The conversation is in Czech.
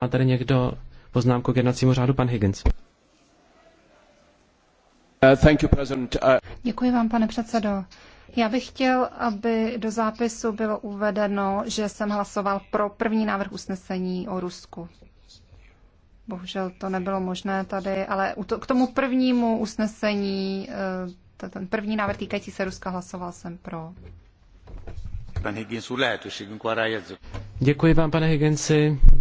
Má tady někdo poznámku k jednacímu řádu, pan Higgins? Uh, uh, Děkuji vám, pane předsedo. Já bych chtěl, aby do zápisu bylo uvedeno, že jsem hlasoval pro první návrh usnesení o Rusku. Bohužel to nebylo možné tady, ale k tomu prvnímu usnesení, eh, ten první návrh týkající se Ruska, hlasoval jsem pro. Děkuji vám, pane Higginsi.